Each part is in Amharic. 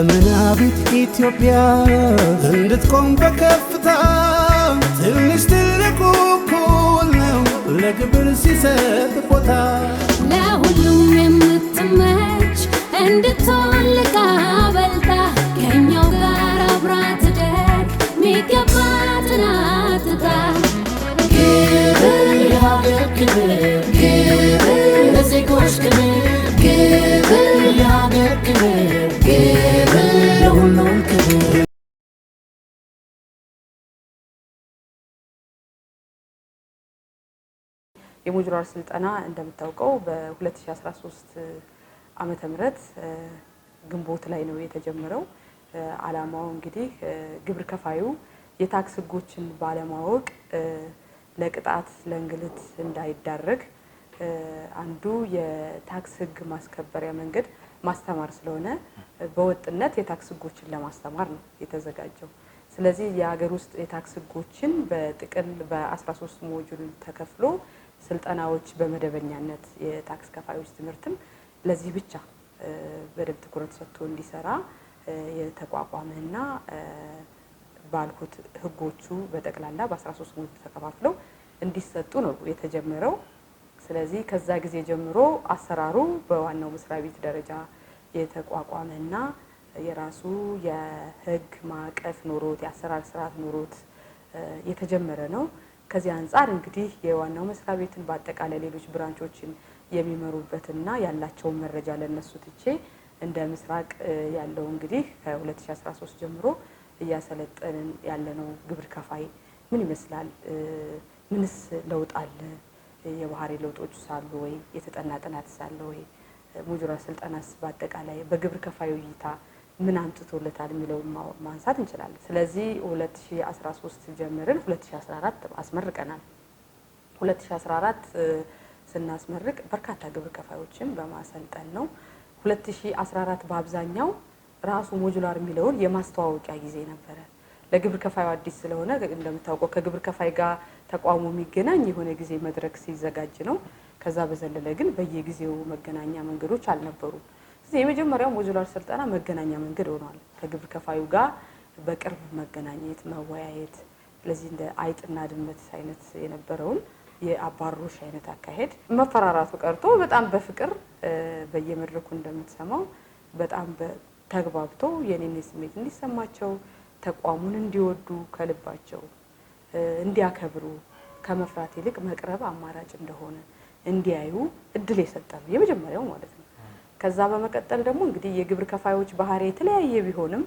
ዘመናዊት ኢትዮጵያ እንድትቆም በከፍታ ትንሽ ትልቁ እኩል ነው ለግብር ሲሰጥ ቦታ ለሁሉም የምትመች እንድትሆን ልቃበልታ ከኛው ጋር አብራ ትደግ ሚገባትን አትጣ ግብር ለሀገር ክብር ግብር ለዜጎች ክብር የሞጁላር ስልጠና እንደምታውቀው በ2013 ዓመተ ምህረት ግንቦት ላይ ነው የተጀመረው። አላማው እንግዲህ ግብር ከፋዩ የታክስ ህጎችን ባለማወቅ ለቅጣት ለእንግልት እንዳይዳረግ አንዱ የታክስ ህግ ማስከበሪያ መንገድ ማስተማር ስለሆነ በወጥነት የታክስ ህጎችን ለማስተማር ነው የተዘጋጀው። ስለዚህ የሀገር ውስጥ የታክስ ህጎችን በጥቅል በ13 ሞጁል ተከፍሎ ስልጠናዎች በመደበኛነት የታክስ ከፋዮች ትምህርትም ለዚህ ብቻ በደንብ ትኩረት ሰጥቶ እንዲሰራ የተቋቋመና ባልኩት ህጎቹ በጠቅላላ በ13 ግሩፕ ተከፋፍለው እንዲሰጡ ነው የተጀመረው። ስለዚህ ከዛ ጊዜ ጀምሮ አሰራሩ በዋናው መስሪያ ቤት ደረጃ የተቋቋመና የራሱ የህግ ማዕቀፍ ኖሮት የአሰራር ስርዓት ኖሮት የተጀመረ ነው። ከዚህ አንጻር እንግዲህ የዋናው መስሪያ ቤትን በአጠቃላይ ሌሎች ብራንቾችን የሚመሩበትና ያላቸውን መረጃ ለነሱ ትቼ እንደ ምስራቅ ያለው እንግዲህ ከ2013 ጀምሮ እያሰለጠንን ያለነው ግብር ከፋይ ምን ይመስላል? ምንስ ለውጥ አለ? የባህሪ ለውጦች ሳሉ ወይ የተጠና ጥናት ሳለ ወይ ሙጅራ ስልጠናስ በአጠቃላይ በግብር ከፋይ እይታ ምን አምጥቶለታል የሚለውን ማንሳት እንችላለን። ስለዚህ 2013 ጀምረን 2014 አስመርቀናል። 2014 ስናስመርቅ በርካታ ግብር ከፋዮችን በማሰልጠን ነው። 2014 በአብዛኛው ራሱ ሞጁላር የሚለውን የማስተዋወቂያ ጊዜ ነበረ። ለግብር ከፋዩ አዲስ ስለሆነ እንደምታውቀው ከግብር ከፋይ ጋር ተቋሙ የሚገናኝ የሆነ ጊዜ መድረክ ሲዘጋጅ ነው። ከዛ በዘለለ ግን በየጊዜው መገናኛ መንገዶች አልነበሩም። ስለዚህ የመጀመሪያው ሞጁላር ስልጠና መገናኛ መንገድ ሆኗል። ከግብር ከፋዩ ጋር በቅርብ መገናኘት፣ መወያየት ስለዚህ እንደ አይጥና ድመት አይነት የነበረውን የአባሮሽ አይነት አካሄድ መፈራራቱ ቀርቶ በጣም በፍቅር በየመድረኩ እንደምትሰማው በጣም ተግባብቶ የኔን ስሜት እንዲሰማቸው ተቋሙን እንዲወዱ ከልባቸው እንዲያከብሩ ከመፍራት ይልቅ መቅረብ አማራጭ እንደሆነ እንዲያዩ እድል የሰጠ ነው የመጀመሪያው ማለት ነው። ከዛ በመቀጠል ደግሞ እንግዲህ የግብር ከፋዮች ባህሪ የተለያየ ቢሆንም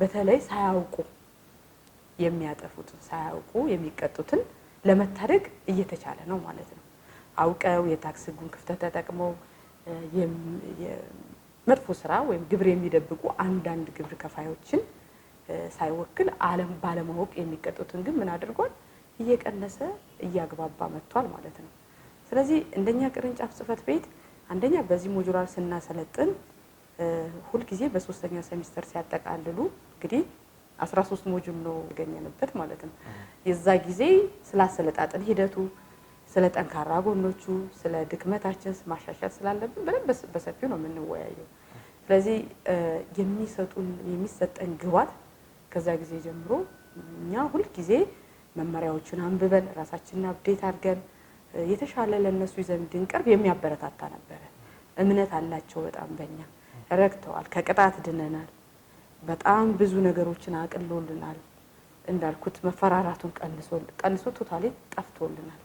በተለይ ሳያውቁ የሚያጠፉትን ሳያውቁ የሚቀጡትን ለመታደግ እየተቻለ ነው ማለት ነው። አውቀው የታክስ ህጉን ክፍተት ተጠቅመው መጥፎ ስራ ወይም ግብር የሚደብቁ አንዳንድ ግብር ከፋዮችን ሳይወክል አለም ባለማወቅ የሚቀጡትን ግን ምን አድርጓል? እየቀነሰ እያግባባ መጥቷል ማለት ነው። ስለዚህ እንደኛ ቅርንጫፍ ጽህፈት ቤት አንደኛ በዚህ ሞጁላር ስናሰለጥን ሁልጊዜ በሶስተኛ ሴሚስተር ሲያጠቃልሉ እንግዲህ 13 ሞጁል ነው ያገኘንበት ማለት ነው። የዛ ጊዜ ስላሰለጣጥን ሂደቱ፣ ስለ ጠንካራ ጎኖቹ፣ ስለ ድክመታችን ማሻሻል ስላለብን በደንብ በሰፊው ነው የምንወያየው። ስለዚህ የሚሰጡን የሚሰጠን ግባት ከዛ ጊዜ ጀምሮ እኛ ሁልጊዜ መመሪያዎቹን አንብበን ራሳችንን አብዴት አድርገን የተሻለ ለእነሱ ይዘን እንድንቀርብ የሚያበረታታ ነበረ። እምነት አላቸው በጣም በኛ ረግተዋል። ከቅጣት ድነናል። በጣም ብዙ ነገሮችን አቅሎልናል። እንዳልኩት መፈራራቱን ቀንሶ ቶታሌ ጠፍቶልናል።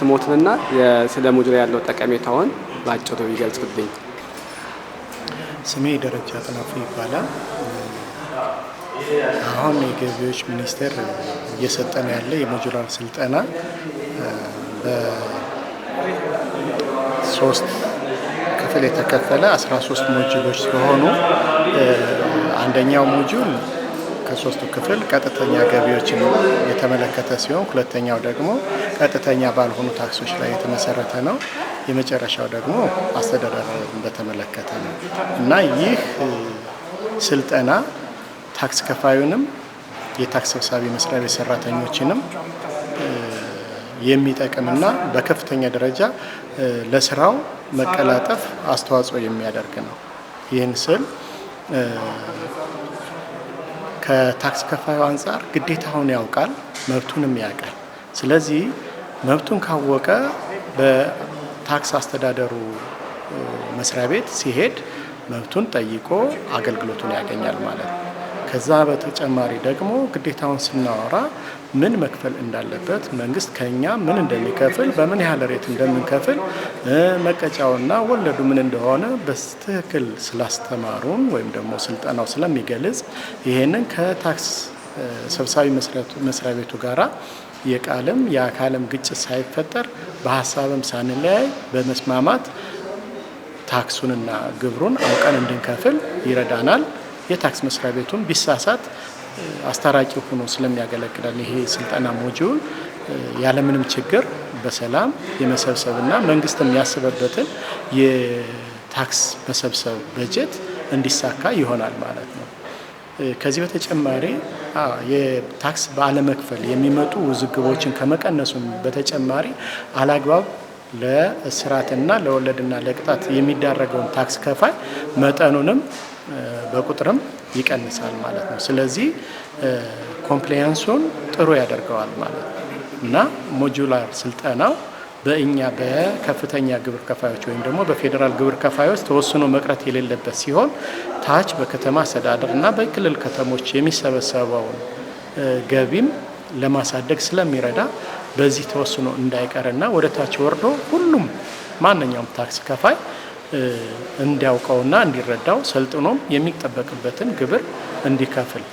ስሞትንና ስለ ሙጅራ ያለው ጠቀሜታውን በአጭሩ ይገልጽብኝ ስሜ ደረጃ ጥላፉ ይባላል። አሁን የገቢዎች ሚኒስቴር እየሰጠን ያለ የሞጁላር ስልጠና በሶስት ክፍል የተከፈለ 13 ሞጁሎች ስለሆኑ አንደኛው ሞጁል ከሶስቱ ክፍል ቀጥተኛ ገቢዎችን የተመለከተ ሲሆን ሁለተኛው ደግሞ ቀጥተኛ ባልሆኑ ታክሶች ላይ የተመሰረተ ነው። የመጨረሻው ደግሞ አስተዳደርን በተመለከተ ነው እና ይህ ስልጠና ታክስ ከፋዩንም የታክስ ሰብሳቢ መስሪያ ቤት ሰራተኞችንም የሚጠቅምና በከፍተኛ ደረጃ ለስራው መቀላጠፍ አስተዋጽኦ የሚያደርግ ነው። ይህን ስል ከታክስ ከፋዩ አንጻር ግዴታውን ያውቃል፣ መብቱንም ያውቃል። ስለዚህ መብቱን ካወቀ በታክስ አስተዳደሩ መስሪያ ቤት ሲሄድ መብቱን ጠይቆ አገልግሎቱን ያገኛል ማለት ነው። ከዛ በተጨማሪ ደግሞ ግዴታውን ስናወራ ምን መክፈል እንዳለበት መንግስት ከኛ ምን እንደሚከፍል በምን ያህል ሬት እንደምንከፍል መቀጫውና ወለዱ ምን እንደሆነ በትክክል ስላስተማሩን ወይም ደግሞ ስልጠናው ስለሚገልጽ ይሄንን ከታክስ ሰብሳቢ መስሪያ ቤቱ ጋራ የቃልም የአካልም ግጭት ሳይፈጠር በሀሳብም ሳንለያይ በመስማማት ታክሱንና ግብሩን አውቀን እንድንከፍል ይረዳናል። የታክስ መስሪያ ቤቱን ቢሳሳት አስታራቂ ሆኖ ስለሚያገለግላል። ይሄ ስልጠና ሞጁል ያለምንም ችግር በሰላም የመሰብሰብና መንግስት የሚያስበበትን የታክስ መሰብሰብ በጀት እንዲሳካ ይሆናል ማለት ነው። ከዚህ በተጨማሪ የታክስ ባለመክፈል የሚመጡ ውዝግቦችን ከመቀነሱም በተጨማሪ አላግባብ ለእስራትና ለወለድና ለቅጣት የሚዳረገውን ታክስ ከፋይ መጠኑንም በቁጥርም ይቀንሳል ማለት ነው። ስለዚህ ኮምፕላያንሱን ጥሩ ያደርገዋል ማለት ነው እና ሞጁላር ስልጠናው በእኛ በከፍተኛ ግብር ከፋዮች ወይም ደግሞ በፌዴራል ግብር ከፋዮች ተወስኖ መቅረት የሌለበት ሲሆን ታች በከተማ አስተዳደር እና በክልል ከተሞች የሚሰበሰበውን ገቢም ለማሳደግ ስለሚረዳ በዚህ ተወስኖ እንዳይቀርና ወደ ታች ወርዶ ሁሉም ማንኛውም ታክስ ከፋይ እንዲያውቀውና እንዲረዳው ሰልጥኖም የሚጠበቅበትን ግብር እንዲከፍል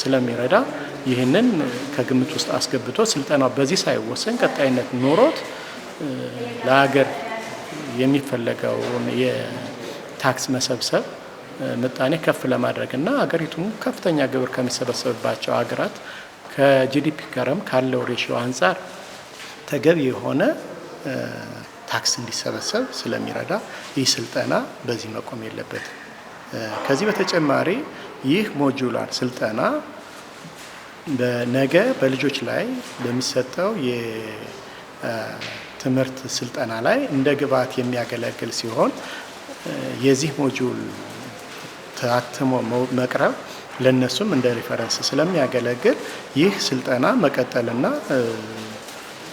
ስለሚረዳ ይህንን ከግምት ውስጥ አስገብቶ ስልጠናው በዚህ ሳይወሰን ቀጣይነት ኖሮት ለሀገር የሚፈለገውን የታክስ መሰብሰብ ምጣኔ ከፍ ለማድረግና ሀገሪቱም ከፍተኛ ግብር ከሚሰበሰብባቸው ሀገራት ከጂዲፒ ጋርም ካለው ሬሽዮ አንጻር ተገቢ የሆነ ታክስ እንዲሰበሰብ ስለሚረዳ ይህ ስልጠና በዚህ መቆም የለበትም። ከዚህ በተጨማሪ ይህ ሞጁላር ስልጠና በነገ በልጆች ላይ በሚሰጠው የትምህርት ስልጠና ላይ እንደ ግብዓት የሚያገለግል ሲሆን የዚህ ሞጁል ታትሞ መቅረብ ለእነሱም እንደ ሪፈረንስ ስለሚያገለግል ይህ ስልጠና መቀጠልና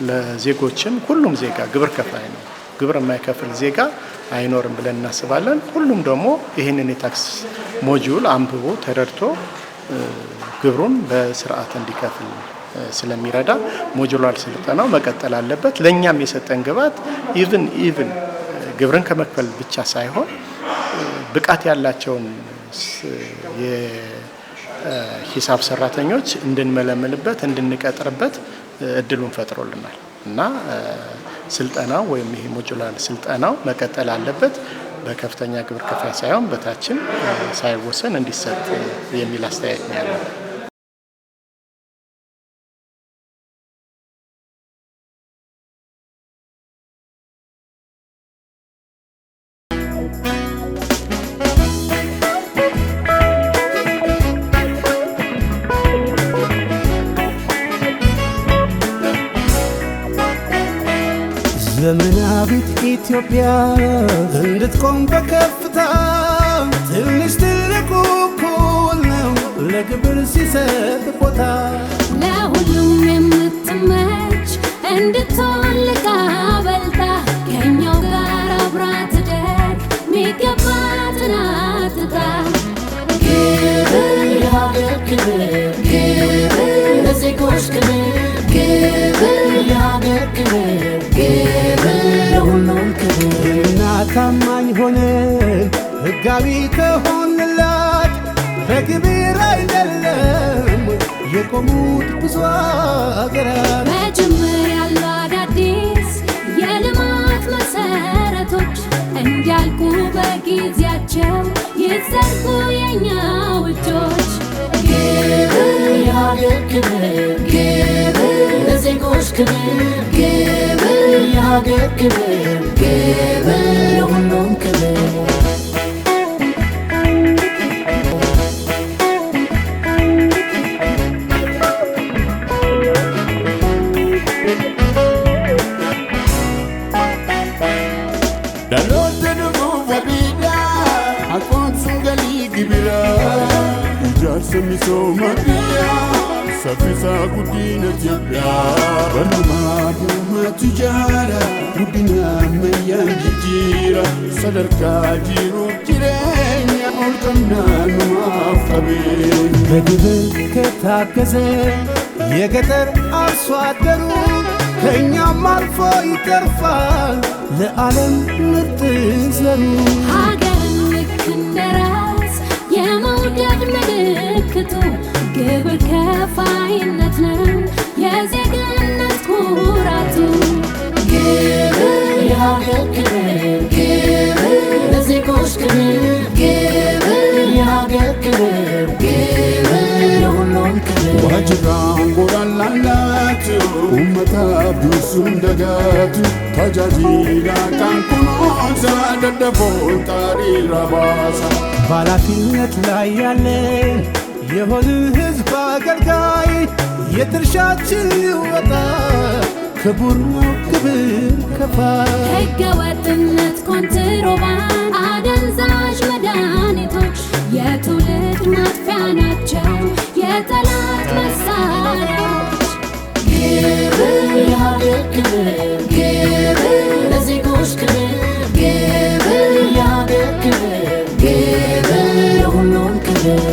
ለዜጎችም ሁሉም ዜጋ ግብር ከፋይ ነው። ግብር የማይከፍል ዜጋ አይኖርም ብለን እናስባለን። ሁሉም ደግሞ ይህንን የታክስ ሞጁል አንብቦ ተረድቶ ግብሩን በስርዓት እንዲከፍል ስለሚረዳ ሞጁላል ስልጠናው መቀጠል አለበት። ለእኛም የሰጠን ግብዓት ኢቭን ኢቭን ግብርን ከመክፈል ብቻ ሳይሆን ብቃት ያላቸውን የሂሳብ ሰራተኞች እንድንመለምልበት እንድንቀጥርበት እድሉን ፈጥሮልናል እና ስልጠናው ወይም ይሄ ሞጁላል ስልጠናው መቀጠል አለበት። በከፍተኛ ግብር ከፋይ ሳይሆን በታችን ሳይወሰን እንዲሰጥ የሚል አስተያየት ነው ያለው። ዘመናዊት ኢትዮጵያ እንድትቆም በከፍታ ትንሽ ትልቁ እኩል ነው ለግብር ሲሰጥ ቦታ ለሁሉም የምትመች እንድትሆን ልታበልጣ ከኛው ጋር አብራ ትደግ ሚገባትን አትጣ ግብር ግብር ለዜጎች ክብር ግብር ለሀገር ክብር ታማኝ ሆነ ሕጋዊ ከሆንላት በግብር አይደለም የቆሙት ብዙ አገራት በጅምር ያሉ አዳዲስ የልማት መሰረቶች እንዲያልቁ በጊዜያቸው ይዘርጉ የኛ ውጆች ግብር ያገግብ ግብር ለክርስቶስ ክብር፣ ክብር ለሀገር ክብር፣ ክብር ለሁሉም ክብር tijara guddinaan mayyaan jijjiira sadarkaa jiruuf jireenya ol qabnaa namaaf qabeenya በግብር ከታገዘ የገጠር አርሶ አደሩ ከእኛም አልፎ ይተርፋል ለዓለም ምርጥ ዘሩ ሀገርን ልክ እንደ ራስ የመውደድ ምልክቱ ግብር ከፋይነት ነው የዜግነት ኩራቱ የሀገር ክብር ለዜጎች ክብር የሀገር ቃንኩኖዛ ደደፎን ጣሪ ረባሳ ባላፊነት ላይ ያለ የሆን ህዝብ አገልጋይ የድርሻችን ይወጣል ክቡር ነው ግብር ከፋይ ሕገ ኮንትሮባንድ፣ አደንዛዥ መድኃኒቶች የትውልድ ማጥፊያ ናቸው የጠላት መሳሪያዎች። ግብር ክብር፣ ግብር ለዜጎች ክብር፣ ግብር ክብር፣ ግብር ክብር